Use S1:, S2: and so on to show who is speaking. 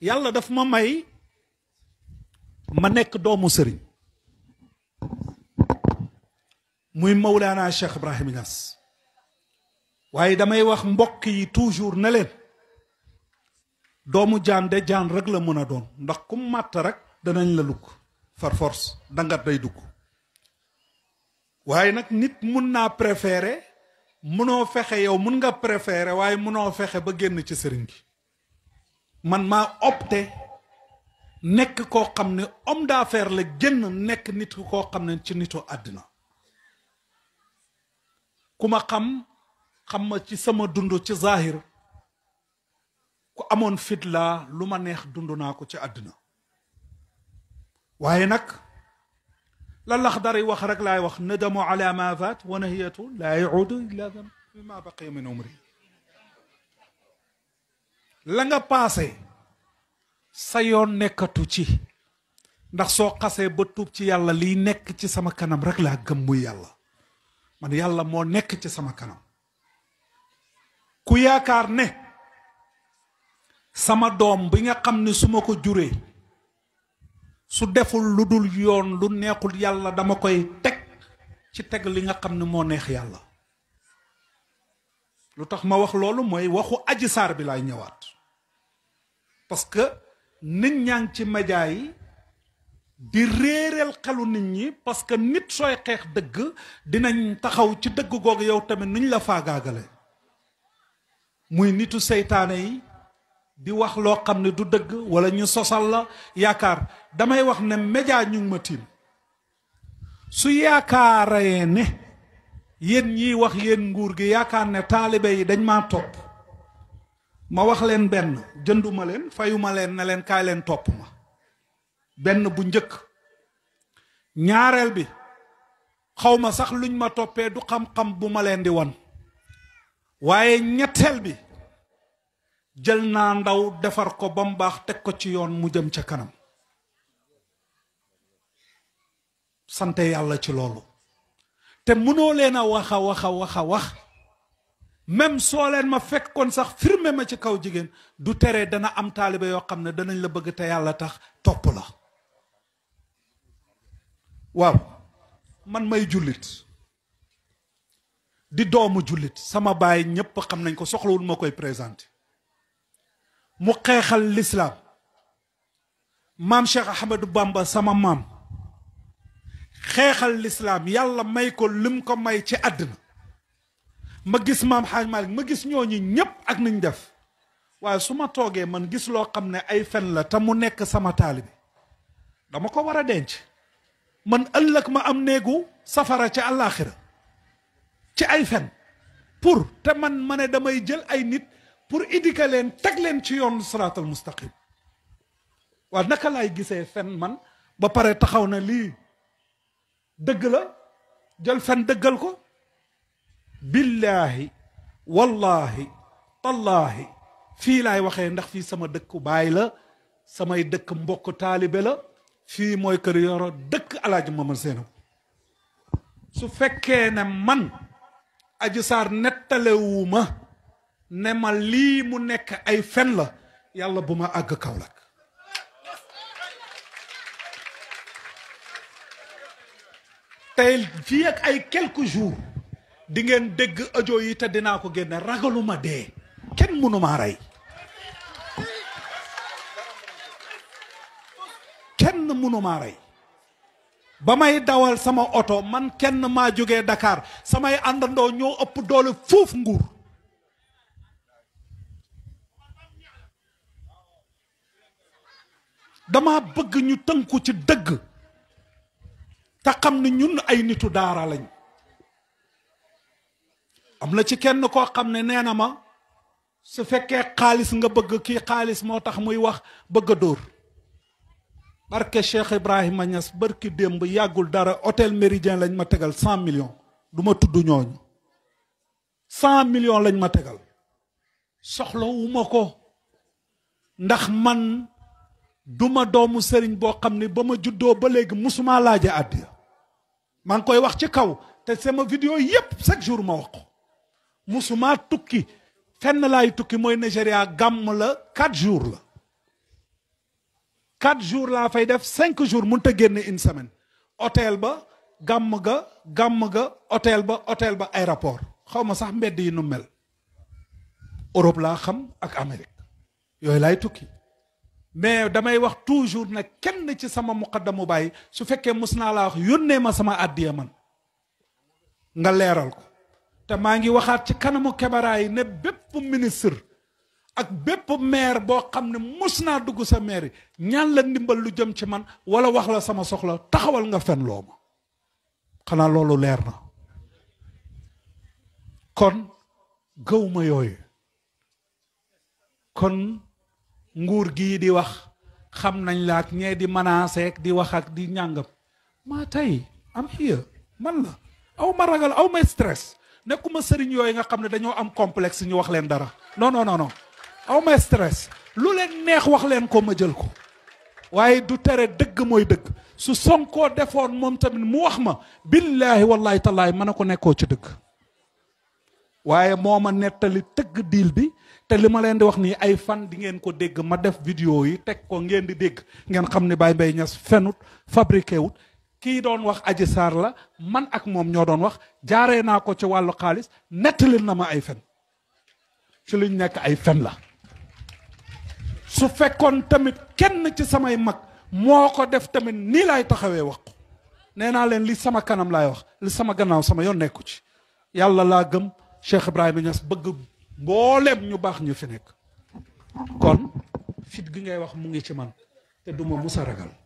S1: yàlla daf ma may ma nekk doomu sëriñ muy Mawlana Cheikh Ibrahim waaye damay wax mbokk yi toujours ne leen doomu jaan de jaan rek la mën a doon ndax ku màtt rek danañ la lukk far force dangat day dugg waaye nag nit mun naa préféré mënoo fexe yow mun nga prefere waaye mënoo fexe ba génn ci sëriñ gi man maa opté nekk koo xam ne homme d'affaires la génn nekk nit koo xam ne ci nitu àddina ku ma xam xam ma ci sama dund ci zahir ku amoon fit laa lu ma neex dund naa ko ci àddina waaye nag la Laxdari wax rek laay wax nadamu ala ma faat wa nahiyatu laa yaudu illa ma baqiya min umri la nga paase sa yoon nekkatu ci ndax soo xasee ba tuub ci yàlla liy nekk ci sama kanam rekk laa gëm muy yàlla man yàlla moo nekk ci sama kanam ku yaakaar ne sama doom bi nga xam ne su ma ko juree su deful lu dul yoon lu neexul yàlla dama koy teg ci teg li nga xam ne moo neex yàlla lu tax ma wax loolu mooy waxu aji saar bi laay ñëwaat parce que nit ñaa ngi ci média yi di réeral xelu nit ñi parce que nit sooy xeex dëgg dinañ taxaw ci dëgg googu yow tamit nuñ la faagaagale muy nitu seytaane yi di wax loo xam ne du dëgg wala ñu sosal la yaakaar damay wax ne média ñu ma tiim su yaakaaree ne yéen ñiy wax yéen nguur gi yaakaar ne taalibe yi dañ maa topp ma wax leen benn jënduma leen fayuma leen na leen kaay leen topp ma benn bu njëkk ñaareel bi xawma sax luñ ma toppee du xam-xam bu ma leen di wan waaye ñetteel bi jël naa ndaw defar ko ba mu baax teg ko ci yoon mu jëm ca kanam sante yàlla ci loolu te mënoo leen a wax a wax a wax a wax même soo leen ma fekkoon sax firme ma ci kaw jigéen du tere dana am taalibe yoo xam ne danañ la bëgg te yàlla tax topp la waaw man may jullit di doomu jullit sama baay ñépp xam nañ ko soxlawul ma koy présenté mu xeexal lislaam maam Cheikh Ahmadou Bamba sama maam xeexal lislaam yàlla may ko lim ko may ci àddina ma gis maam xaaj Malick ma gis ñooñu ñëpp ak nañ def waaye su ma toogee man gis loo xam ne ay fen la te mu nekk sama taalibi dama ko war a denc man ëllëg ma am néegu safara ci àllaaxira ci ay fen pour te man ma ne damay jël ay nit pour indiquer leen teg leen ci yoon siraatal mustaqim waa naka lay gisee fen man ba pare taxaw na lii dëgg la jël fen dëggal ko billaahi wallaahi tallaahi fii laay waxee ndax fii sama dëkku baay la samay dëkk mbokk taalibe la fii mooy kër yoro dëkk alaaji Mamadou Seynabu su fekkee ne man Adji Sarr ma ne ma lii mu nekk ay fen la yàlla bu ma àgg Kaolack tey fii ay quelques jours dingeen dégg audio yi te dinaa ko génne ragaluma dee kenn mënuma rey kenn mënumaa rey ba may dawal sama oto man kenn maa jóge Dakar samay àndandoo ñoo ëpp doole foofu nguur dama bëgg ñu tënku ci dëgg te xam ne ñun ay nitu daara lañ am na ci kenn koo xam ne nee na ma su fekkee xaalis nga bëgg kii xaalis moo tax muy wax bëgg a dóor barke Cheikh Ibrahima Niass barki démb yàggul dara hôtel Méridien lañ ma tegal cent millions du tudd ñooñu cent millions lañ ma tegal soxlawuma ko ndax man duma doomu sëriñ boo xam ne ba ma juddoo ba léegi musuma laaja àddiya maa ngi koy wax ci kaw te sama vidéo yépp chaque jour ma wax musuma tukki fenn laay tukki mooy Nigéria gàmm la quatre jours la quatre jours laa fay def cinq jours mun a génne une semaine hôtel ba gàmm ga gàmm ga hôtel ba hôtel ba aéroport xaw ma sax mbedd yi nu mel Europe laa xam ak Amérique yooyu laay tukki mais damay wax toujours ne kenn ci sama muqaddamu bàyyi su fekkee mus naa laa wax yónnee ma sama àddiya man nga leeral ko te maa ngi waxaat ci kanamu kebaraay ne bépp ministre ak bépp maire boo xam ne mos naa dugg sa maire yi ñaan la ndimbal lu jëm ci man wala wax la sama soxla taxawal nga fen loo ma xanaa loolu leer na kon gëwuma yooyu kon nguur gii di wax xam nañ laa ak ñee di menacer di wax ak di ñàngam maa tey am here man la aw ma ragal aw ma stress nekkuma sëriñ yooyu nga xam ne dañoo am complexe ñu wax leen dara non non non aw ma stress lu leen neex wax leen ko ma jël ko waaye du tere dëgg mooy dëgg su Sonko defoon moom tamit mu wax ma billaahi wallaahi tallaay mën a ko nekkoo ci dëgg waaye moo ma nettali tëgg diil bi te li ma leen di wax nii ay fan di ngeen ko dégg ma def vidéo yi teg ko ngeen di dégg ngeen xam ni baay Mbaye Niass fenut fabriqué kii doon wax aji saar la man ak moom ñoo doon wax jaare naa ko ci wàllu xaalis nettalil na ma ay fen ci liñ nekk ay fen la su fekkoon tamit kenn ci samay mag moo ko def tamit nii laay taxawee wax nee naa leen li sama kanam laay wax li sama gannaaw sama yoon nekku ci yàlla laa gëm Cheikh Ibrahima Niass bëgg mbooleem ñu baax ñu fi nekk kon fit gi ngay wax mu ngi ci man te duma musa ragal